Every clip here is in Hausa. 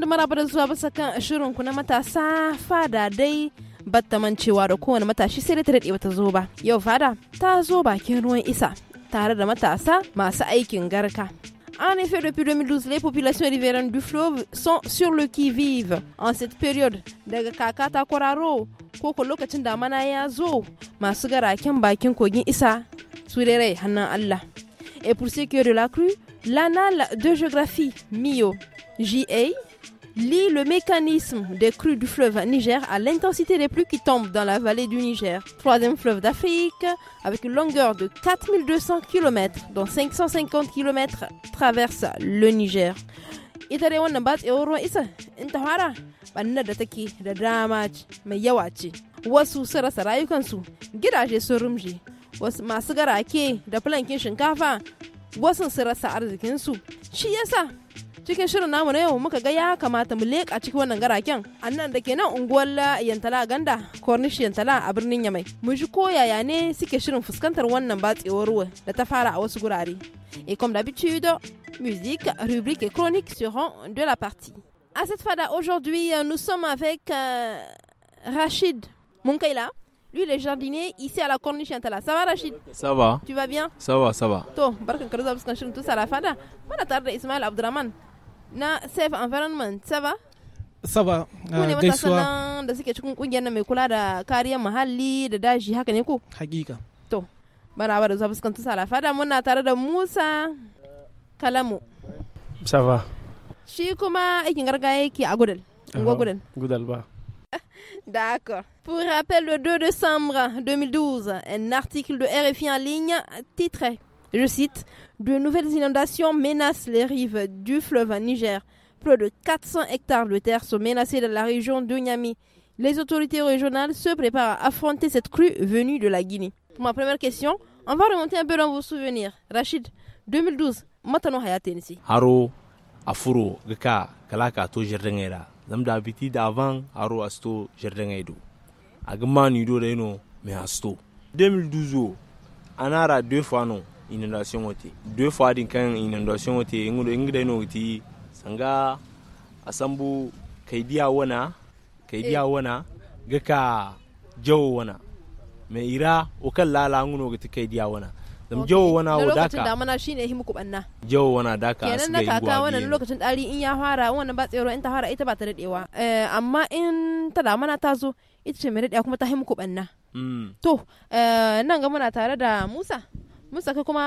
da maraba zuwa bisa kan shirinku na matasa fada dai batta da kowane matashi sai da ta daɗe bata zo ba. Yau fada ta zo bakin ruwan isa tare da matasa masu aikin garka. En effet, depuis 2012, les populations riveraines du fleuve sont sur le qui-vive. En cette période, daga kaka ta kwararo ko ko lokacin damana ya zo masu garaken bakin kogin isa su rai hannun Allah. Et pour ce qui est de la crue, l'anal de géographie MIO, JA, lie le mécanisme des crues du fleuve Niger à l'intensité des pluies qui tombent dans la vallée du Niger, troisième fleuve d'Afrique, avec une longueur de 4200 km, dont 550 km traverse le Niger. ita dai wannan batsewar ruwan isa in ta fara bannar da take da dama mai yawa ce wasu sun rasa rayukansu gidaje sun rumje wasu masu garake da filankin shinkafa wasu sun rasa arzikinsu shi yasa cikin shirin namu na yau muka ga ya kamata mu leƙa cikin wannan garaken annan nan da ke nan unguwar yantala ganda cornish yantala a birnin yamai mu ji ko yaya ne suke shirin fuskantar wannan batsewar ruwa da ta fara a wasu gurare et comme d'habitude musique rubrique et chronique seront de la partie à cette fada aujourd'hui nous sommes avec euh, Rachid Munkaila lui, il est jardinier ici à la corniche Yantala. Ça va, Rachid Ça va. Tu vas bien Ça va, ça va. To, barkan karza buskan shirin tusa la fada. Mana tare da Ismail Abdurrahman na safe environment ça va saba uh, gaisuwa da suke cikin kungiyar na mai kula da kariyar muhalli da daji haka ne ko hakika to maraba da zuwa fuskantar salafa da muna tare da musa kalamu va shi kuma aikin gargaya yake a gudal unguwa gudal gudal ba D'accord. Pour rappel, le 2 décembre 2012, un article de RFI en ligne titrait je cite, De nouvelles inondations menacent les rives du fleuve Niger. Plus de 400 hectares de terre sont menacés dans la région de Niamey. Les autorités régionales se préparent à affronter cette crue venue de la Guinée. Pour ma première question, on va remonter un peu dans vos souvenirs. Rachid, 2012, Matano Hayatensi. Haro, Afuro, gka, Kalaka, To Jerdengera. Asto, Agman Yudo Reno, Me Asto. 2012, Anara, deux fois non. inondation wote deux fois din kan inondation wote ngudo ingre no ti sanga asambu kaidiya wana kaidiya eh. wana ga ka jawo wana mai ira o kan lala ngudo ga kaidiya wana dam jawo wana wa daka lokacin damana shine himu ku banna jawo wana daka kenan na kaka wannan lokacin dari in ya fara wannan ba tsero in ta fara ita ba ta dadewa eh, amma in ta damana ta zo ita ce mai dadewa kuma ta himu ku banna mm. to eh, nan ga muna tare da Musa mun saka kuma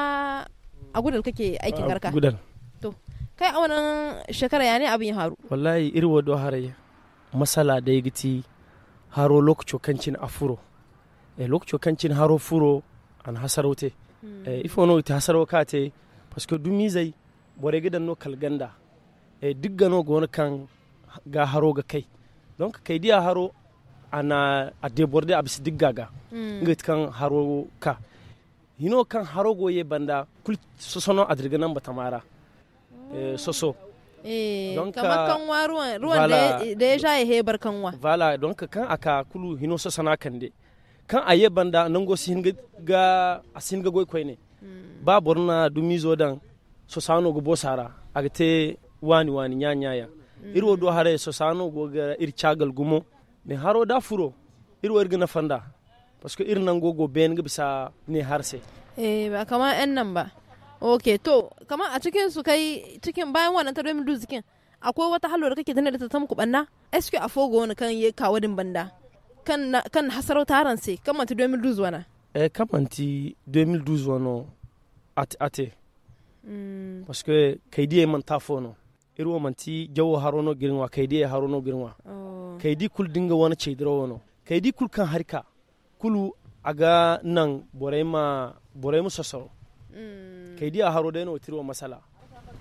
a gudal kake aikin garka gudal to kai a wannan shekara ya ne abin ya haru wallahi irwa do harayya masala da giti haro lokacin kancin afuro e eh, lokacin kancin haro furo an hasarote hmm. e eh, ifo no ita hasaro kate paske dumi zai bore gidan no kalganda e eh, digga no gona kan ga haro ga kai don ka kai dia haro ana a deborde abisi digga ga hmm. ngat kan haro ka hino kan harogo ye banda kul sosono nan batamara eh, mm. soso eh, donc kama ruwan ruwan ya donc kan aka kulu hino sosona kan de kan aye banda go sin ga asin ga goy koyne mm. ba borna dumi zodan sosano go bosara agate wani wani nya ya mm. irwo do hare sosano go ga ir chagal gumo ne haro da furo irwo irgana fanda parce que irin nan gogo bayan bisa ne harse eh ba kamar yan nan ba ok to kamar a cikin su kai cikin bayan wannan tarbiyyar duzikin akwai wata halo da kake tana da ta tamku banna SQ a fogo wani kan ya kawo din banda kan kan hasarau taran sai kan domin 2012 wana eh kan manti 2012 wano ate ate hmm. parce que kaidi e man tafono irwo manti jawo harono girinwa kaidi e harono girinwa Kai oh. kaidi kul dinga wani cedira wano kaidi kul kan harika. kulu aga nan borai ma borai ka yi mm. haro da yana tirwa masala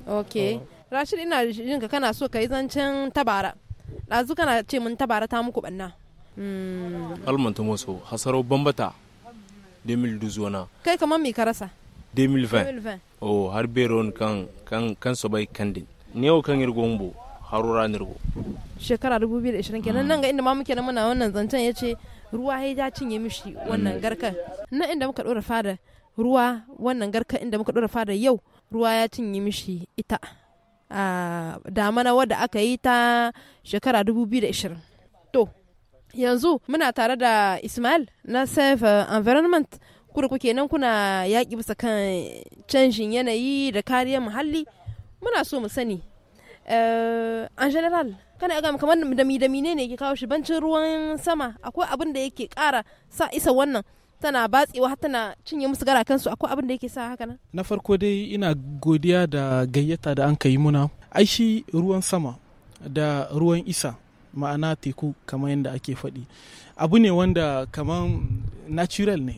ok oh. rashid ina jin ka kana so yi zancen tabara dazu kana ce mun tabara ta muku banna mm. almanta maso hasaro bambata 2012 kai kamar mai ka rasa 2020 oh har beron kan kan kan sobai kandin ne o kan irgombo harura nirgo shekara 2020 kenan nan ga inda ma muke nan muna wannan zancen yace ruwa ya ja cinye mishi mm. wannan garka na inda muka dora fada ruwa wannan garka inda muka dora fada yau ruwa ya cinye mishi ita a damana wadda aka yi ta shekara 2020 to yanzu muna tare da ismail na safe environment kuda kuke nan kuna yaƙi bisa kan canjin yanayi da kariyar muhalli muna so mu sani an eh, general kana ga kamar da mi da mine ne ke kawo shi bancin ruwan sama akwai abin da yake kara sa isa wannan tana batsewa har tana cinye musu gara kansu akwai abin da yake sa haka nan na farko dai ina godiya da gayyata da an kai muna ai shi ruwan sama da ruwan isa ma'ana teku kamar yadda ake faɗi abu ne wanda kamar natural ne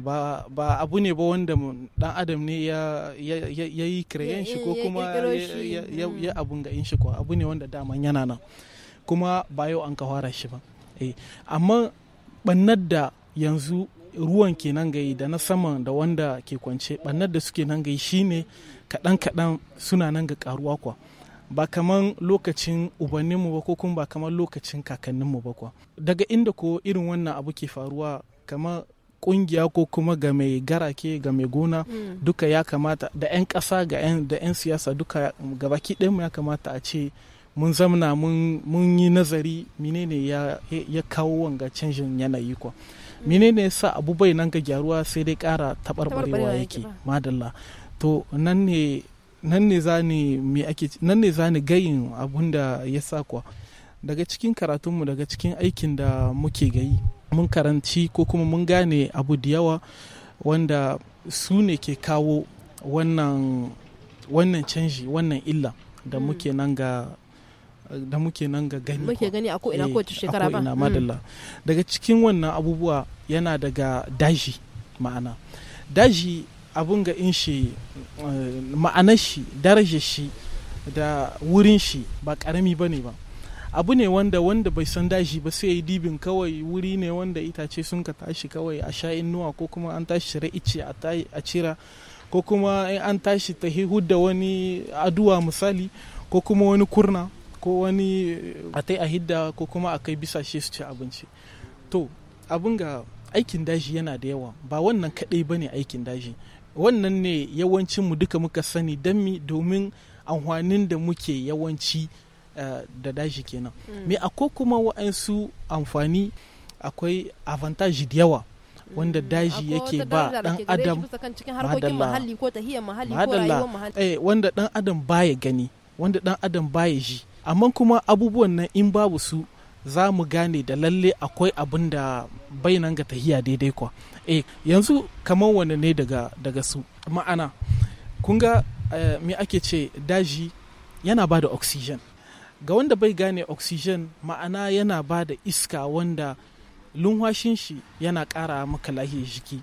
ba abu ne ba wanda dan adam ne ya yi kireyen shi ko kuma ya mm. abun ga in shi ko abu ne wanda daman yana nan kuma ba yau an kawara shi ba eh, amma bannar da yanzu ruwan ke nan gai da na saman da wanda ke kwance bannar da suke nan gai shine kaɗan kaɗan suna nan ga karuwa kwa ba kaman lokacin ubanninmu ba ko kuma ba kaman lokacin kakanninmu ba kwa daga inda ko irin wannan abu ke faruwa kamar kungiya ko kuma ga mai garake ga mai gona mm. duka ya kamata da 'yan ƙasa da 'yan siyasa duka gabaki ɗayanmu ya kamata a ce mun zamna mun yi nazari menene ya, kawo wanga canjin yanayi kwa mm. menene sa abu bai nan ga gyaruwa sai dai kara taɓarɓarewa yake madalla to nan ne nan ne za ne gayin abun da ya sa kwa daga cikin karatunmu daga cikin aikin da muke gayi mun karanci ko kuma mun gane abu da yawa wanda su ne ke kawo wannan canji wannan illa da mm. muke nan ga da muke nan ga gani muke gani a ko'ina ko ta eh, shekara ba ina mm. madalla daga cikin wannan abubuwa yana daga daji ma'ana daji abun ga in shi eh, ma'anar shi darajar shi da wurin shi ba karami bane ba abu ne wanda wanda bai san dashi ba sai yi dibin kawai wuri ne wanda itace sun ka tashi kawai a sha innuwa ko kuma an tashi shira ice a cira ko kuma an tashi ta da wani aduwa misali ko kuma wani kurna ko wani a tai a hidda ko kuma a kai bisa shi su ci abinci to abin ga aikin daji yana da yawa ba wannan kaɗai ba ne aikin daji wannan ne yawancin mu duka muka sani don mi domin amfanin da muke yawanci da dashi kenan mm. me akwai kuma wa'ansu amfani akwai avantage da yawa wanda mm. daji yake ba dan adam madalla eh, wanda dan adam baya gani wanda dan adam baya ji amma kuma abubuwan nan in babu su za mu gane da lalle akwai abin da bainan ga tahiya daidai kwa eh yanzu kamar wani ne daga daga su ma'ana kun ga eh, me ake ce daji yana ba da oxygen ga wanda bai gane oxygen ma'ana yana ba da iska wanda lunwashin shi yana kara maka lahiyar jiki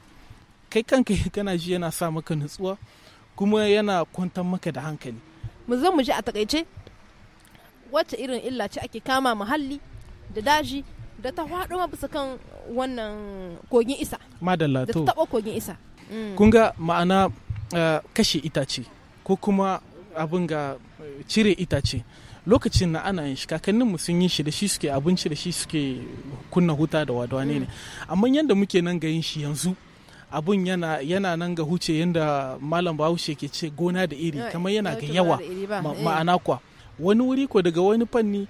kai kanka kana ji yana sa maka nutsuwa kuma yana kwantar maka da hankali mu zo mu ji a takaice wacce irin illa ce ake kama muhalli da daji da ta faɗo bisa kan wannan kogin isa madalla da ta taɓa kogin isa mm. kun ga ma'ana eh, kashe itace ko kuma abin ga eh, cire itace lokacin na ana yin shi kakanninmu sun yi shi da shi suke abinci da shi suke kunna huta da wadwane ne mm. amma yadda muke nan ga yin shi yanzu abun yana, yana nan ga huce yadda malam bahaushe ke ce gona da iri kamar yana ga yawa eh. ma'ana kwa wani wuri ko daga wani fanni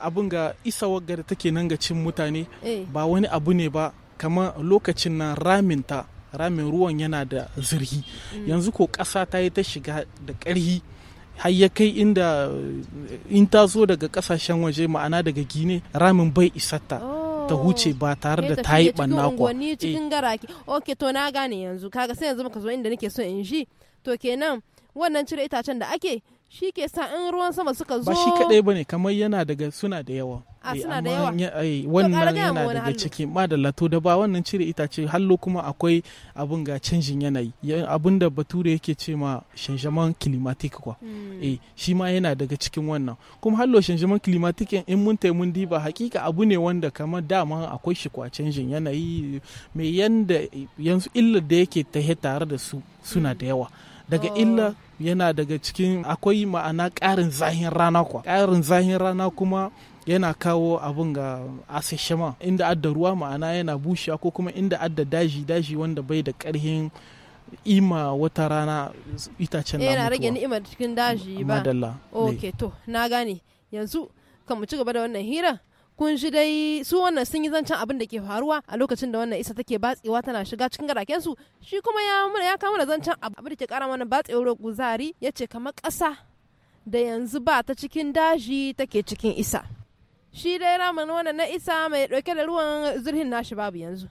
abun ga isa da take nan ga cin mutane eh. ba wani abu ne ba kamar lokacin na raminta ramin ruwan yana da zirgi mm. yanzu ko ƙasa ta yi ta shiga da ƙarhi har kai inda in ta zo daga kasashen waje ma'ana daga gine ramin bai isatta ta oh. huce ba tare da ta yi ɓanna kwa. cikin eh. garaki ok to na gane yanzu kaga sai yanzu muka zo inda nake so in shi to kenan wannan cire itacen da ake shi ke sa in ruwan sama suka zo ba shi kaɗai bane kamar yana daga suna da yawa a eh, suna da yawa wannan yana daga ciki madalla to da ba wannan cire itace hallo kuma akwai abun ga canjin yanayi abun da bature yake ce ma shanjaman climatic kwa hmm. eh shi ma yana daga cikin wannan kuma hallo shanjaman climatic in mun tai mun diba hakika abu ne wanda kamar dama akwai shi kwa canjin yanayi mai yanda yanzu illar da yake tare da su suna da yawa daga oh. illa yana daga cikin akwai ma'ana ƙarin zahin rana kwa ƙarin zahin rana kuma yana kawo abun ga asashema inda adda ruwa ma'ana yana bushewa ko kuma inda adda daji daji wanda bai da karhin ima wata rana itacen na eh, yana rage ni'imar cikin daji ba madalla ok to na gane yanzu kan mu ci gaba da wannan hira kun shi dai su wannan sun yi zancen abin da ke faruwa a lokacin da wannan isa take batsewa tana shiga cikin garaken su shi kuma ya mana ya kama da zancen abin da ke kara mana batsewar kuzari yace kamar ƙasa da yanzu ba ta cikin daji take cikin isa shi dai ramin wannan na isa mai dauke da ruwan zurhin nashi babu yanzu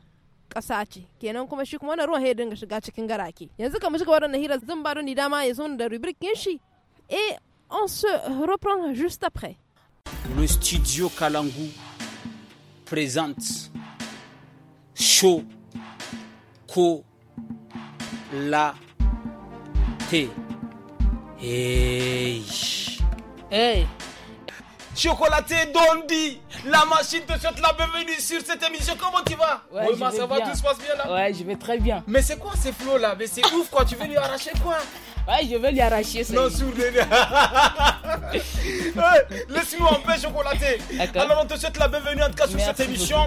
ƙasa ce kenan kuma shi kuma wannan ruwan ya dinga shiga cikin garake yanzu kamar shiga wannan hira zan ba ni dama ya zo da rubrikin shi eh on se reprend juste après le studio Kalangu présente show ko la Hey. Hey. Chocolaté Dondi, la machine te souhaite la bienvenue sur cette émission. Comment tu vas ouais, ça va, tout se passe bien là Ouais, je vais très bien. Mais c'est quoi ces flots là Mais c'est ouf quoi, tu veux lui arracher quoi Ouais, je veux lui arracher ça. Non, sourd. Laisse-moi en paix, chocolaté. Alors, on te souhaite la bienvenue en tout cas sur cette émission.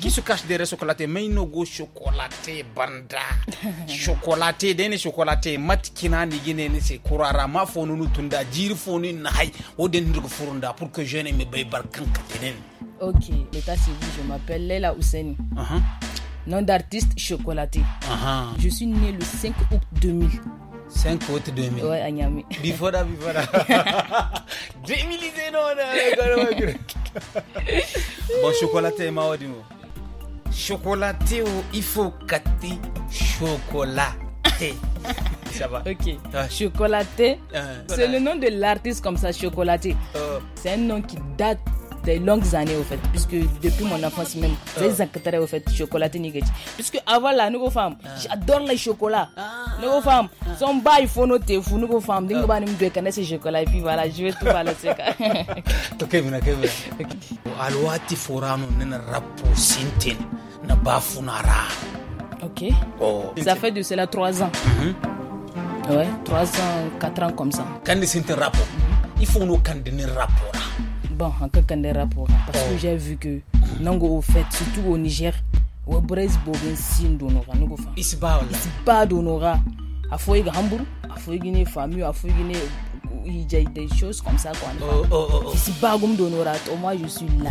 Qui se cache derrière chocolaté go chocolaté, banda. Chocolaté, dene chocolaté. Mat kina ni gine ni se kurara. Ma fonu tunda, furunda pour que je n'aime me les kankatenen. Ok, l'état civil, je m'appelle Leila Ousseni. Uh-huh. Nom d'artiste chocolaté. Uh-huh. Je suis né le 5 août 2000. 5 août 2000. Ouais, à Niamey. Before that, before that. 2000 c'est non, non, Bon, chocolaté, ma wadi Chocolaté oh, il faut kati chocolaté. Ça va. Ok. Ah. Chocolaté. Ah. C'est le nom de l'artiste comme ça, chocolaté. Oh. C'est un nom qui date des longues années au fait puisque depuis mon enfance même ah. j'ai zakatare au fait chocolatine nigeti puisque avant la nouvelle femme ah. j'adore les chocolats ah. Nouvelle femme son bail il faut noter fou nous femme d'une bonne nous kana ces chocolats et puis voilà je vais tout balancer to kemina kemina alwati forano nena rapo sintin na bafunara ok oh. ça fait de cela trois ans mhm. ouais trois ans quatre ans comme ça quand c'est un rapport il faut nous quand un rapport bon des rapports hein. parce que j'ai vu que nango fait surtout au Niger ou bobin sin donora nugo fa pas wala ba donora afoy à hambour afoy famille famu afoy guiné il y des choses comme ça quoi. Oh, oh, oh, oh. Si moi je suis là.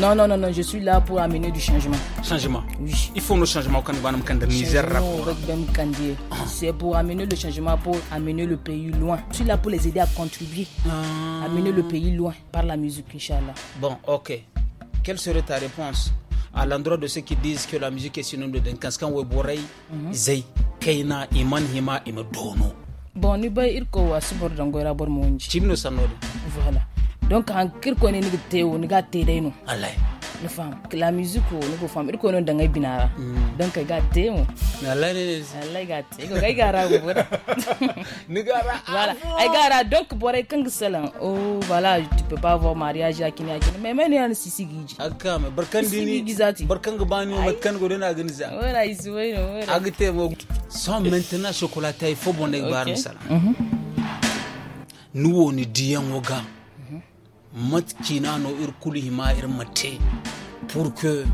Non, non, non, non, je suis là pour amener du changement. Changement Oui. Il faut le changement quand nous allons C'est pour amener le changement, pour amener le pays loin. Je suis là pour les aider à contribuer, ah. amener le pays loin par la musique, Inch'Allah. Bon, ok. Quelle serait ta réponse à l'endroit de ceux qui disent que la musique est synonyme de ou Weborei, mhm. Zei, Keina, Iman Hima, dono. Bon, nous allons dire que nous sommes dans le Voilà donc en ko ne ni tewo niga te dai no Allah na fam la musique ou niga fam irko non dangay binara mm. donc ga te mo Allah ni Allah ga te ko ga gara go bora voilà ay gara donc bora kan salam oh voilà tu peux pas avoir mariage à kini akini mais mais ne sisi giji akka me barkan dini barkan ga bani kan go dena ganza wala isu wai no wala agite mo sans maintenant chocolat il faut bon des bar misala nous on dit en ogam matkina no ir hima ir mate pour que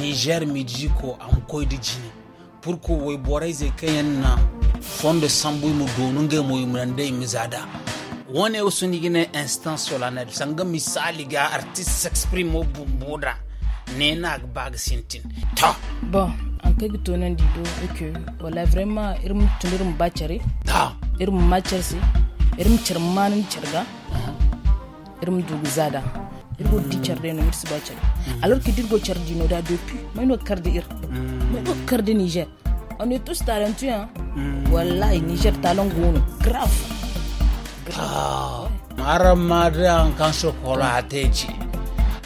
niger mi ko am di jini pour que way boray ze kayen na fonde sambu mu no nge mo imrande mi zada wone usuni gine instance solennelle sanga misali ga artiste s'exprime au bumbuda nena bag sintin ta bon an kai di do et que wala vraiment irin mu bacari ta irin macarsi irin carmanin carga irum zada irgo dicar de no alors que dirgo char da depuis mais no carte ir mm. mais no niger on est tous talentueux hein mm. wallahi niger talent gono grave grave ah. aramadan kan chocolate ji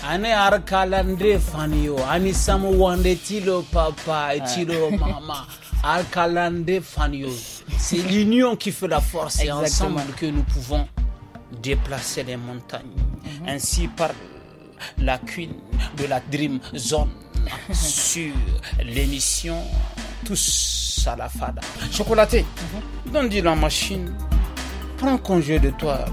ani ar kalande faniyo ani samo wande tilo papa et ah. tilo mama ar kalande faniyo c'est l'union qui fait la force et ensemble que nous pouvons déplacer les montagnes. Ainsi par la cuine de la Dream Zone sur l'émission Tous à la Fada. Chocolaté, mhm. dit la machine, prends congé de toi,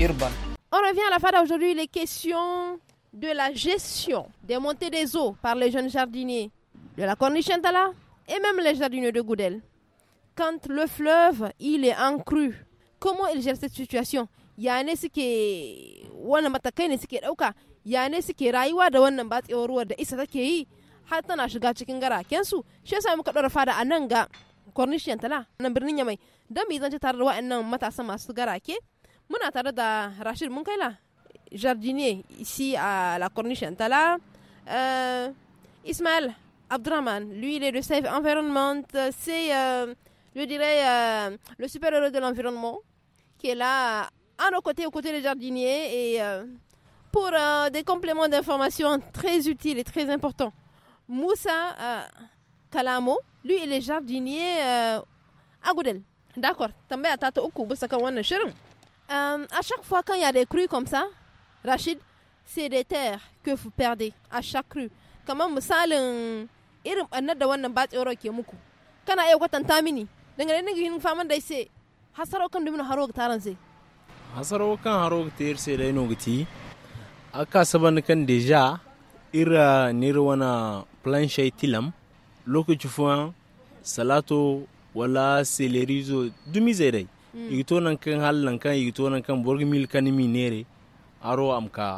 Urban. On revient à la Fada aujourd'hui, les questions de la gestion des montées des eaux par les jeunes jardiniers de la Cornichentala et même les jardiniers de Goudel. Quand le fleuve, il est en comment ils gèrent cette situation ya ne suke wannan matakai ne suke ɗauka ya ne suke rayuwa da wannan batsewar ruwa da isa take yi har tana shiga cikin garaken su shi yasa muka ɗora fada a nan ga cornishian tala nan birnin yamai don mu zance tare da wa'annan matasan masu garake muna tare da rashid mun jardinier ici à la Corniche tala euh, ismaël Abdurrahman lui il est le chef environnement c'est euh, je dirais euh, le super héros de l'environnement qui est là à nos côtés, aux côtés des jardiniers, et euh, pour euh, des compléments d'informations très utiles et très importants. Moussa euh, Kalamo, lui, il est jardinier euh, à Goudel. D'accord. à chaque fois quand il y a des crues comme ça, Rachid, c'est des terres que vous perdez à chaque crue. Comment Moussa irin Il da wannan batsewar ke muku kana iya kwatanta mini dangane da yin faman da sai hasaro kan haro ga taran sai hasaro kan harog sai da ino giti aka saban kan deja ira nirwana planchay tilam lokaci fuwa salato wala selerizo dumi zai dai hmm. igito nan kan hallan kan igito nan kan borg mil kan mi nere aro amka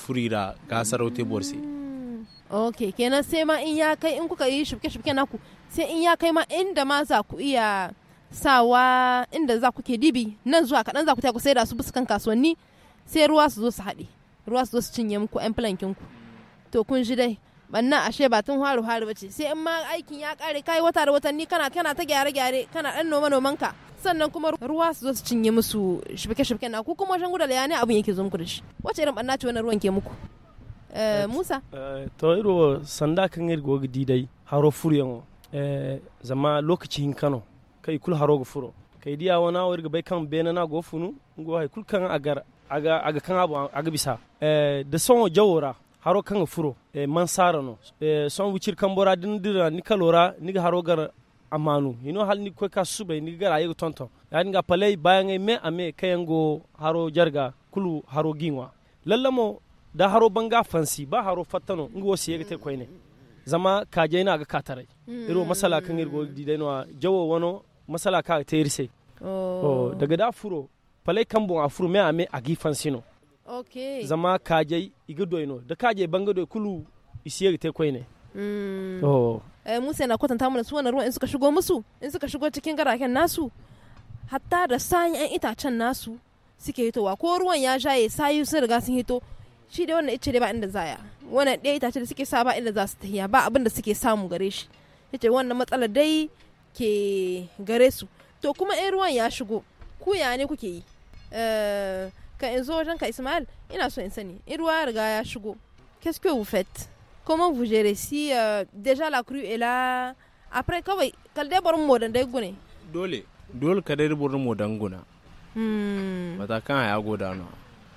furira ga sarote borse hmm. ok kenan sai ma in ya kai in kuka yi shibke shibke naku sai in ya kai ma inda ma za ku iya sawa inda za ku ke dibi nan zuwa kaɗan za ku ku sai da su buskan kasuwanni sai ruwa su zo su haɗe ruwa su zo su cinye muku yan filankin ku to kun ji dai banna ashe ba tun haru haru bace sai in ma aikin ya kare kai wata da watanni kana kana ta gyare gyare kana dan noma noman ka sannan kuma ruwa su zo su cinye musu shibike shibike na ku kuma wajen gudala ya ne abin yake zo muku da shi wace irin banna ce wannan ruwan ke muku eh, eh, musa eh, to iro sanda kan irgo gidi dai haro furiyan zama lokacin kano kai kul haroga furo kai dia wana wirga bay kan bena na gofunu ngo hay kul kan agar aga aga kan abu aga bisa eh da son jawora haro kan furo eh man no eh son wucir kan bora din dira ni kalora ni ga haro gar amanu ino hal ni ko ka sube ni ga ayi tonton yani ga palay bayan me ame kayango haro jarga kulu haro ginwa lallamo da haro banga fansi ba haro fatano ngo siye te koyne zama ka jaina ga katarai mm. iro masala kan irgo didaino jawo wano masala ka ta oh. oh daga da furo kan bon a furo me ame a gifan sino okay zama kaje igado no, da kaje bangado kulu isiyar te koi ne mm. oh eh musa na kwatanta mana su wani ruwan in suka shigo musu in suka shigo cikin garaken nasu hatta da sayan yan itacen nasu suke hitowa ko ruwan ya jaye sayu sun riga sun hito shi dai wannan ice dai ba inda zaya wannan ɗaya itace da suke sa ba inda za su tahiya ba abin da suke samu gare shi yace wannan matsalar dai ke gare su to kuma in ruwan ya shigo ku ya ne kuke yi eh, ka in zo wajen ka ismail ina so in sani in ruwa ya riga ya shigo qu'est-ce que vous faites comment vous gérez si euh, déjà la crue est là après kawai kal dai barin mu dan dai gune dole dole ka dai barin mu dan guna hmm. mata kan ya goda no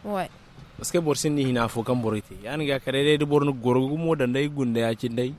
ouais parce que borsin ni hina fo kan borite yani ga kare dai dai barin dan dai gunda ya cin dai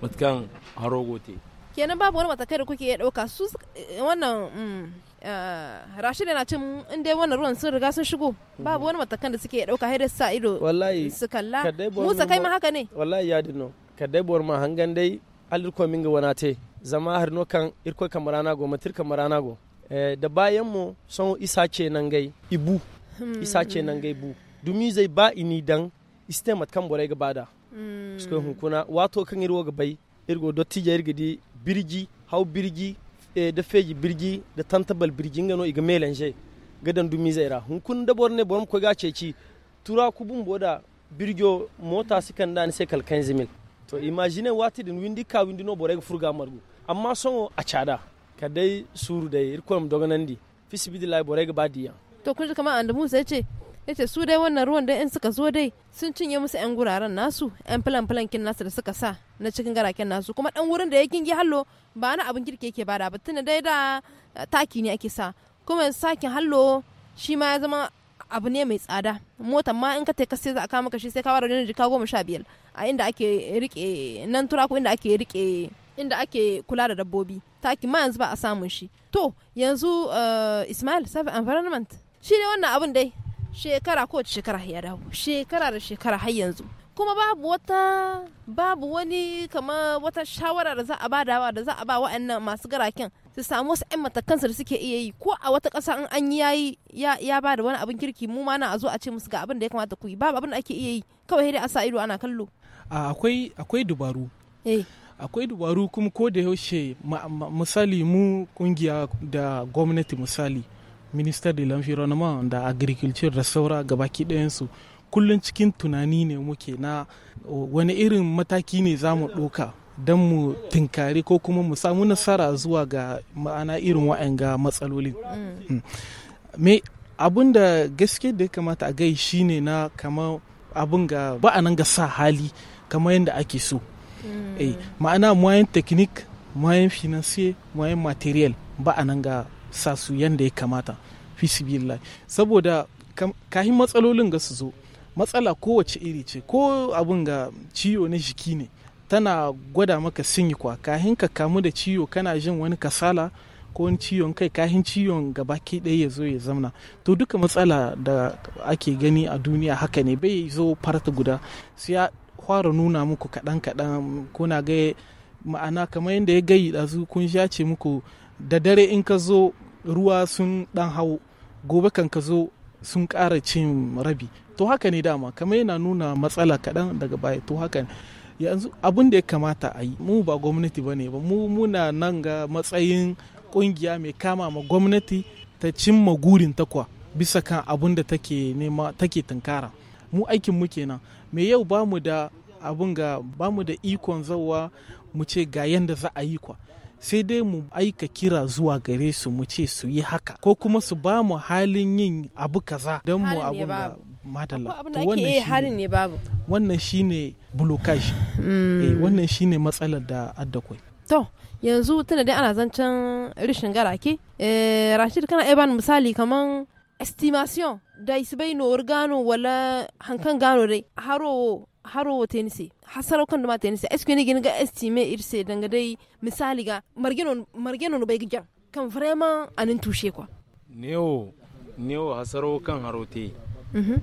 matkan harogote kenan babu wani matakai da kuke ya dauka su eh, wannan mm, eh, rashin yana cin in dai wannan ruwan sun riga sun shigo mhm. babu wani matakan da suke ya dauka haidar sa ido wallahi su kalla musa kai ma haka ne wallahi ya dino kadai dai bor ma hangan dai alirko minga wana te zama har no kan irko kamarana go matir kamarana go eh, da bayan mu son isa ce nan gai ibu hmm. isa ce nan gai bu dumi zai ba ini dan istemat kan borai bada hmm. suka hunkuna wato kan irwo ga bai irgo dotti ja irgidi birji hau birji e, eh, da feji birji da tantabal birji ngano iga melange gadan dumi zaira hun kun da borne borom ko ga ci tura ku bun boda birjo mota sikan dan sai kalkan zimil to imagine wati din windi ka windi no borega furga margu amma songo a cada kadai suru dai irkom doganandi fisibidi lai borega badiya to kun kuma andamu sai ce ya ce su dai wannan ruwan dai in suka zo dai sun cinye musu yan guraren nasu yan filan filan kin nasu da suka sa na cikin garaken nasu kuma dan wurin da ya gingi hallo ba na abin kirki yake bada ba tunda dai da taki ne ake sa kuma sakin hallo shi ma ya zama abu ne mai tsada motar ma in ka ta kasse za a kama shi sai ka bada wajen jika goma sha biyar a inda ake rike nan tura ko inda ake rike inda ake kula da dabbobi taki ma yanzu ba a samun shi to yanzu eh, ismail safi environment shi ne wannan abin dai shekara ko shekara ya dawo shekara da shekara har yanzu kuma babu wata babu wani kama wata shawara da za a dawa da za a ba wa'annan masu garaken su samu wasu 'yan matakansa da suke iya yi ko a wata ƙasa in an yi ya ya ba da wani abin kirki mu ma na a zo a ce musu ga abin da ya kamata ku yi babu abin da ake iya yi kawai dai a sa ido ana kallo akwai akwai dubaru eh. akwai dubaru kuma ko da yaushe misali mu kungiya da gwamnati misali ministar da l'environnement da agriculture da saura gabaki ɗayansu kullum cikin tunani ne muke na wani irin mataki ne za mu ɗoka don mu tinkari ko kuma mu samu nasara zuwa ga ma'ana irin ga matsalolin mm. Mm. me abun da gaske da ya kamata a gai shine na kama abun ga ba'anan ga sa hali kama yadda ake so mm. eh, ma'ana mayan technique mayan financier mayan materiyal ba'anan ga sa su yanda ya kamata fisibillah saboda kahin matsalolin ga su zo matsala kowace iri ce ko abin ga ciwo na jiki ne tana gwada maka sinyi kwa kahin ka kamu da ciwo kana jin wani kasala ko wani ciwon kai kahin ciwon ke ɗaya ya zo ya zamna to duka matsala da ake gani a duniya haka ne bai zo farta guda sai ya fara nuna muku kaɗan kaɗan na ga ma'ana kamar yadda ya gayi ɗazu kun sha ce muku da dare in ka zo ruwa sun dan hau gobe kan ka zo sun ƙara cin rabi to haka ne dama kamar yana nuna matsala kaɗan daga baya to haka ne yanzu abin da ya kamata a yi mu ba gwamnati ba ne ba mu muna nan ga matsayin ƙungiya mai kama ma gwamnati ta cimma gurin takwa bisa kan abin da take nema take tunkara mu aikin mu kenan me yau ba mu da abin ga ba da ikon zawa mu ce ga yanda za a yi kwa sai dai mu aika kira zuwa gare su mu ce su yi haka ko kuma su ba mu halin yin abu kaza don mu abu da madalla to wannan ne babu wannan shine ne mm. eh, wannan shine matsalar da addakwai to yanzu tana dai ana zancen rishin gara ke eh, rashid kana iya bani misali kamar estimation no organo wala hankan gano dai haro haro tenise hasaro kan dama tenise est ce que ni giniga estime irse danga dai misali ga margenon margenon bai gijan kan vraiment anin tushe kwa neo neo hasaro kan harote mhm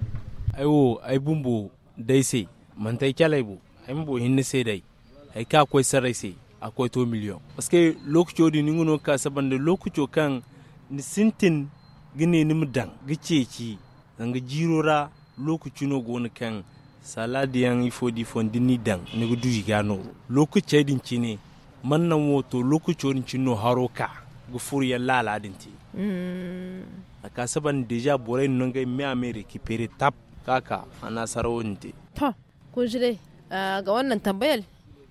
aiwo ai bumbu dai sai mantai kyalai bu ai mbo hinne sai dai ai ka akwai sarai sai akwai to miliyon parce que di ni ninguno ka saban da lokaci kan ni sintin gine ni mudan gice ki nga jirora lokaci no gona kan saladiyan ifo di dini dan ne gudu gano lokaci din cine man nan woto lokaci wani cino haroka ka furu ya laladin ti hmm. a kasaban deja bore nan ga me america pere tap kaka ana sarawon ti to ko jire ah, ga wannan tambayar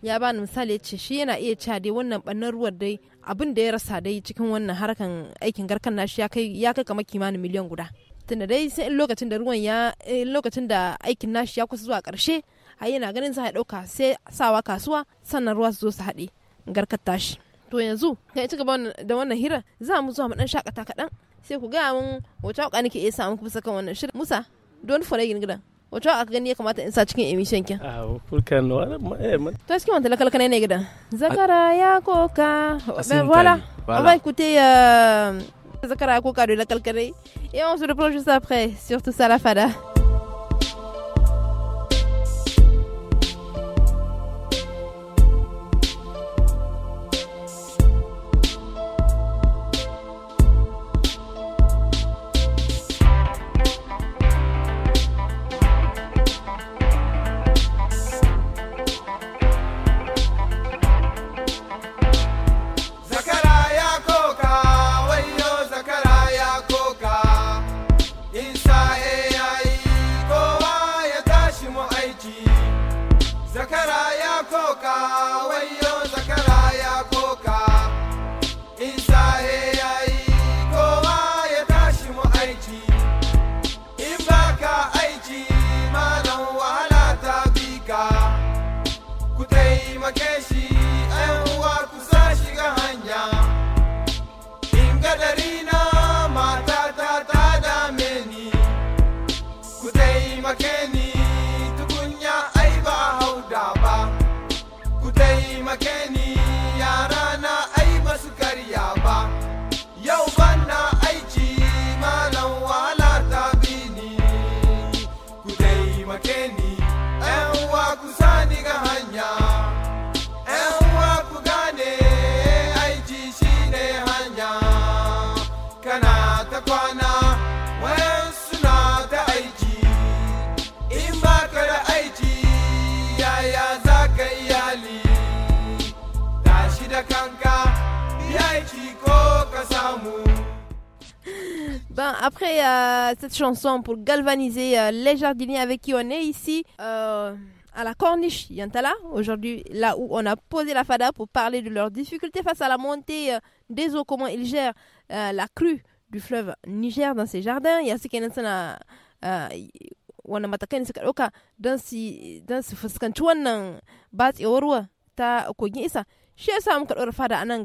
ya bani misali ce shi yana iya cewa dai wannan bannan ruwan dai abin da ya rasa dai cikin wannan harkan aikin garkan nashi ya kai kamar kimanin miliyan guda tunda dai sai lokacin da ruwan ya eh, lokacin da aikin nashi ya kusa zuwa karshe har yana ganin za a dauka sai sawa kasuwa sannan ruwa su zo su haɗe garkar tashi to yanzu kai ci gaba da wannan hira za mu zuwa mu dan shakata kaɗan sai ku gaya mun wata waka nake iya samu kuma saka wannan shirin musa don fara yin gidan wata aka gani ya kamata in sa cikin emission kin a ah, furkan eh, eh, to cikin kuma talakal kana ne gidan zakara ya koka wala ba ku te zakara ya koka da kalkare Et on se reprend juste après sur tout ça la fada. Après euh, cette chanson pour galvaniser euh, les jardiniers avec qui on est ici euh, à la corniche Yantala, aujourd'hui là où on a posé la fada pour parler de leurs difficultés face à la montée euh, des eaux, comment ils gèrent la crue du fleuve Niger dans ces jardins. Il y a ce wannan matakai ne suka ɗauka don su fuskanci wannan batsewar ta kogin isa chez yasa muka ɗora fada a nan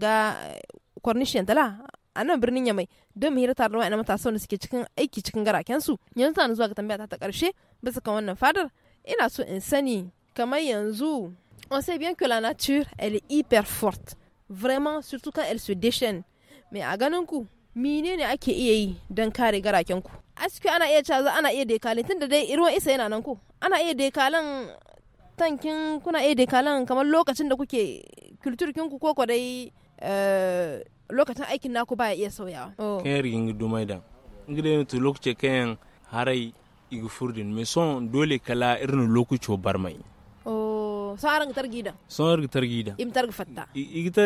Corniche Yanta a nan birnin yamai don mu hira tare da wa'ina matasa wanda suke cikin aiki cikin garakensu yanzu tana zuwa ga tambaya ta ta karshe bisa kan wannan fadar ina so in sani kamar yanzu on sait bien que la nature elle est hyper forte vraiment surtout quand elle se déchaîne mais a ganin ku menene ake iya yi don kare garaken ku aski ana iya caza ana iya dekale tunda dai ruwan isa yana nan ku ana iya dekalan tankin kuna iya dekalan kamar lokacin da kuke kulturkin ku koko dai eh, lokacin aikin naku baya iya sauyawa kan yar gingi dumai da ngide to lokaci kan harai igi furdin me son dole kala irin lokaci bar mai oh, so aran gitar gida so aran gitar gida im targ fatta igita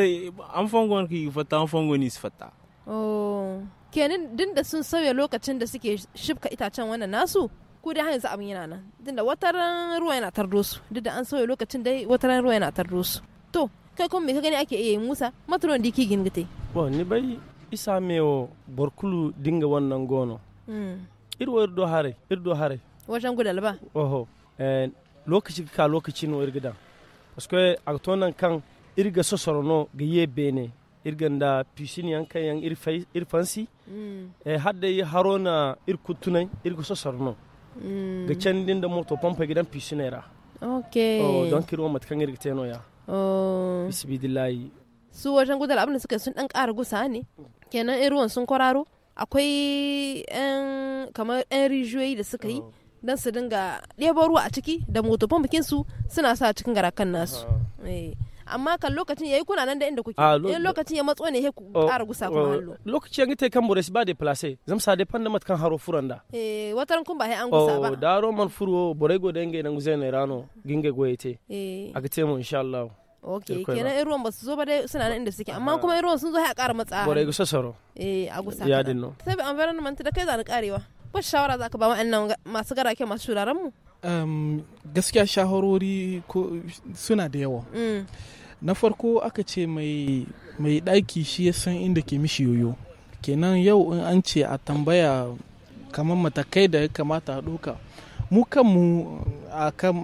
an fangon ki fatta an fangon is fatta oh, kenan din da sun sauya lokacin da suke shifka itacen wannan nasu ko dai hanyar yanzu abin yana nan din da wataran ruwa yana tardo su duk da an sauya lokacin dai wataran ruwa yana tardo su to kai kuma me ka gani ake iya musa matron diki gite bon ni bai isa mewo borkulu dinga wannan gono irwa hmm. irdo hare irdo hare wajen gudal ba oho eh, lokaci ka lokaci no irgidan parce que a tonan kan irga sosorono ga ye bene irgan da pisini an kan yan irfansi hmm. eh hadda yi harona irkutunai irga sosorono hmm. ga can din da moto pompa gidan pisinera ok oh don kiro matkan irgiteno ya Oh. bismillahi su wajen gudar abin da suka sun dan ƙara gusa ne kenan in ruwan sun kwararo akwai kamar yan rijiyoyi da suka yi oh. don su dinga ɗebo ruwa a ciki da motofin bikin su suna sa cikin garakan nasu oh. eh. amma kan lokacin yayi kuna nan da inda kuke ah, in lokacin ya matso ne he ku oh, ƙara gusa kuma oh, hallo lokaci yangi te kan bore ba de place zam sa depend da mat kan haro furanda eh wataran kun ba he an gusa ba oh, daro man furo bore go denge nan guze ne rano ginge goyete eh aga te mu insha Allah ok kenan in ruwan ba su zo ba dai suna nan inda suke amma ah. kuma in ruwan sun zo sai a ƙara matsa bore gusa saro eh a gusa ya dinno sai environment da kai za ni karewa ba shawara za ka ba wa'annan masu garake masu shuraren mu um, gaskiya shaharori suna da yawa mm. na farko aka ce mai mai ɗaki shi ya san inda ke mishi yoyo kenan yau in an ce a tambaya kamar matakai da ya kamata a ɗoka mu kanmu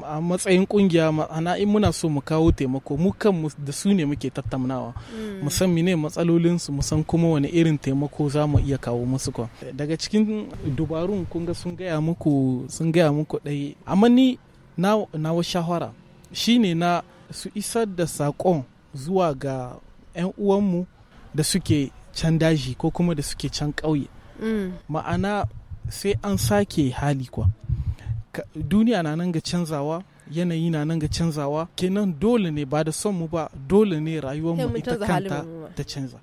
a matsayin kungiya ma'ana in muna so mu kawo taimako mu kanmu da su ne muke tattaunawa mu san mene matsalolinsu mu san kuma wani irin taimako za mu iya kawo musu kwa daga cikin dubarun kun ga sun gaya muku sun gaya muku ɗaya. amma ni na shahara shawara ne na su isar da saƙon zuwa ga 'yan uwanmu da suke can daji ko kuma da suke can ƙauye mm. ma'ana sai an sake hali kwa duniya na nan ga canzawa yanayi na nan ga canzawa kenan dole ne ba da son mu ba dole ne rayuwar mu ita kanta ta canza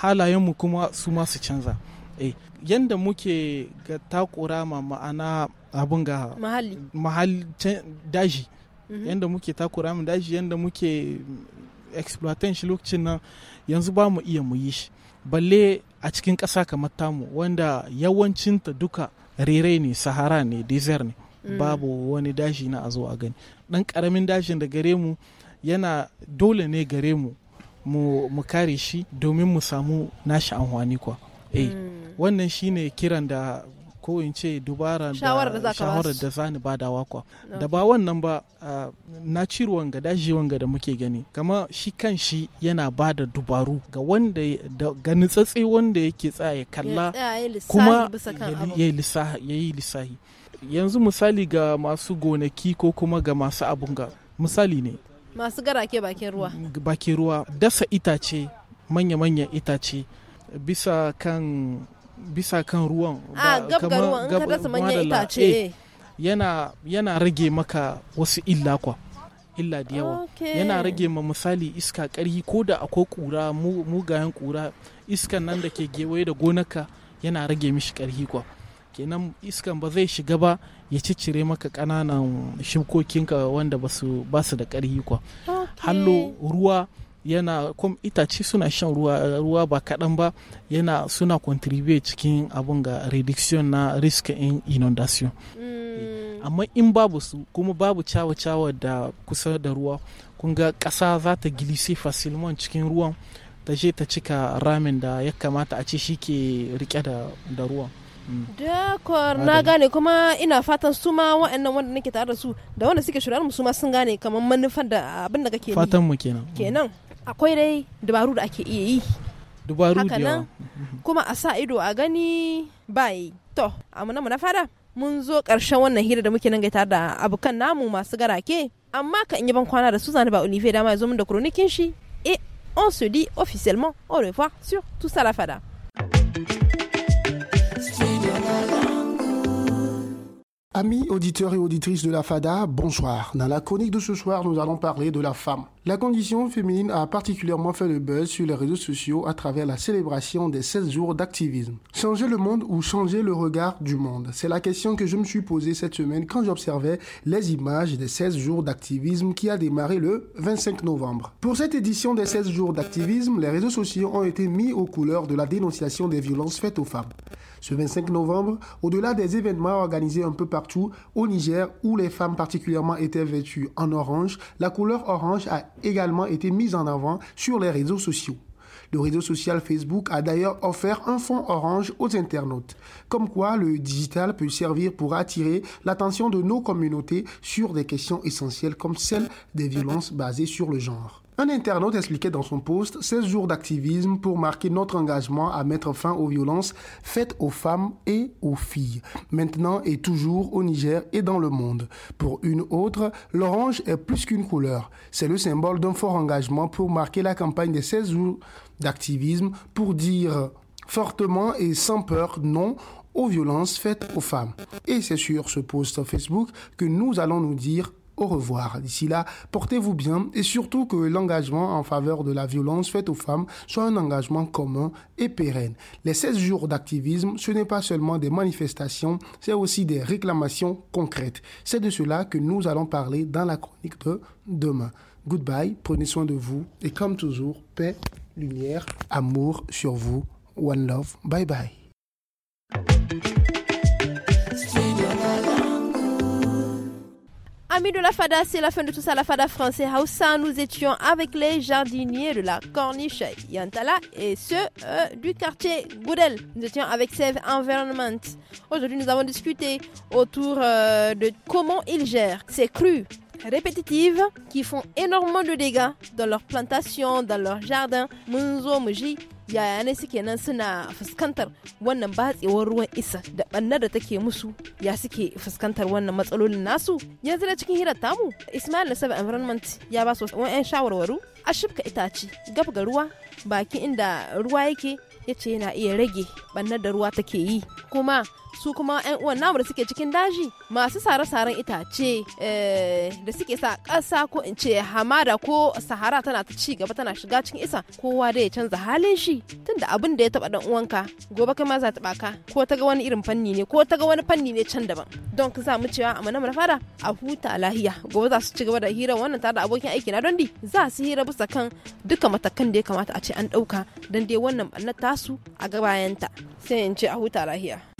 halayen mu kuma su masu canza eh yanda muke ga takura ma ma'ana abin ga mahalli mhm. daji yanda muke takura mu daji yanda muke exploitation shi lokacin nan yanzu ba mu iya mu yi shi balle a cikin ƙasa kamar tamu wanda yawancinta duka rire ne sahara ne desert ne mm. babu wani dashi na a zo a gani dan karamin dashin da gare mu yana dole ne gare mu mu kare shi domin mu samu nashi amfani kwa eh mm. wannan shine kiran da ko in ce dubara da shawarar da zani badawa kwa da ba wannan ba na ciruwan ga daji wanga da muke gani kama shi kan shi yana ba da dubaru ga wanda ga nutsatse wanda yake tsaya kalla kuma ya yi lissahi yanzu misali ga masu gonaki ko kuma ga masu abunga misali ne masu garake bakin ruwa bakin ruwa dasa itace manya-manyan itace bisa kan bisa kan ruwan ah, ba kamar ruwan eh, yana yana rage maka wasu illa kwa illa da yawa yana rage ma misali iska karhi ko da akwai ƙura mugayen kura iskan nan da ke gewaye da gonaka yana rage mishi karhi kwa kenan iskan ba zai shiga ba ya ciccire maka ƙananan shimkokinka wanda ba su da karhi kwa okay. hallo ruwa yana kom itace suna shan ruwa ruwa ba kaɗan ba yana suna contribute cikin abun ga reduction na risk in inundation mm. amma in babu su kuma babu cawa-cawa da kusa da ruwa kun ga ƙasa za ta gilise fasilman cikin ruwan ta je ta cika ramin da ya kamata a ce shi ke rike da ruwan mm. Dakor na gane kuma ina fatan su ma waɗannan wanda nake tare da su da wanda suke shirya mu su ma sun gane kamar manufar da abin da kake fatan mu kenan mm. kenan akwai dai dabaru da ake iya yi dabaru da yawa kuma a sa ido a gani bai to amma mu na fara mun zo karshen wannan hira da muke nan tare da abokan namu masu garake amma ka in yi ban kwana da Suzanne ba Olivier dama ya zo min da kronikin shi et on se dit officiellement au revoir sur tout ça la fada Amis auditeurs et auditrices de la FADA, bonsoir. Dans la chronique de ce soir, nous allons parler de la femme. La condition féminine a particulièrement fait le buzz sur les réseaux sociaux à travers la célébration des 16 jours d'activisme. Changer le monde ou changer le regard du monde C'est la question que je me suis posée cette semaine quand j'observais les images des 16 jours d'activisme qui a démarré le 25 novembre. Pour cette édition des 16 jours d'activisme, les réseaux sociaux ont été mis aux couleurs de la dénonciation des violences faites aux femmes. Ce 25 novembre, au-delà des événements organisés un peu partout, au Niger, où les femmes particulièrement étaient vêtues en orange, la couleur orange a également été mise en avant sur les réseaux sociaux. Le réseau social Facebook a d'ailleurs offert un fond orange aux internautes, comme quoi le digital peut servir pour attirer l'attention de nos communautés sur des questions essentielles comme celle des violences basées sur le genre. Un internaute expliquait dans son post 16 jours d'activisme pour marquer notre engagement à mettre fin aux violences faites aux femmes et aux filles, maintenant et toujours au Niger et dans le monde. Pour une autre, l'orange est plus qu'une couleur, c'est le symbole d'un fort engagement pour marquer la campagne des 16 jours d'activisme pour dire fortement et sans peur non aux violences faites aux femmes. Et c'est sur ce post Facebook que nous allons nous dire au revoir. D'ici là, portez-vous bien et surtout que l'engagement en faveur de la violence faite aux femmes soit un engagement commun et pérenne. Les 16 jours d'activisme, ce n'est pas seulement des manifestations, c'est aussi des réclamations concrètes. C'est de cela que nous allons parler dans la chronique de demain. Goodbye, prenez soin de vous et comme toujours, paix, lumière, amour sur vous. One love. Bye bye. Amis de la FADA, c'est la fin de tout ça, la FADA français ça? Nous étions avec les jardiniers de la corniche Yantala et ceux euh, du quartier Boudel. Nous étions avec Save Environment. Aujourd'hui, nous avons discuté autour euh, de comment ils gèrent ces crues répétitives qui font énormément de dégâts dans leurs plantations, dans leurs jardins. Munzo, Muji, yaya ne suke nan suna fuskantar wannan batsewar ruwan isa da ɓannar da take musu ya suke fuskantar wannan matsalolin nasu yanzu da cikin hirar tamu ismail nasaba environment ya ba su wa'yan shawarwaru a shifka itace gab ga ruwa baki inda ruwa yake ya ce yana iya rage bannar da ruwa take yi kuma su kuma 'yan uwan namu da suke cikin daji masu sare-saren itace eh, da suke sa ƙasa ko in ce hamada ko sahara tana ta ci gaba tana shiga cikin isa kowa da ya canza halin shi tunda abin da ya taba dan uwanka gobe kai ma za ta baka ko ta ga wani irin fanni ne ko ta ga wani fanni ne can daban don ka mu cewa a mana fara a huta lahiya gobe za su ci gaba da hira wannan tare da abokin aiki na dondi za su hira bisa kan duka matakan da ya kamata a ce an ɗauka don dai wannan ɓannar ta su a gabayanta sai in ce a huta lahiya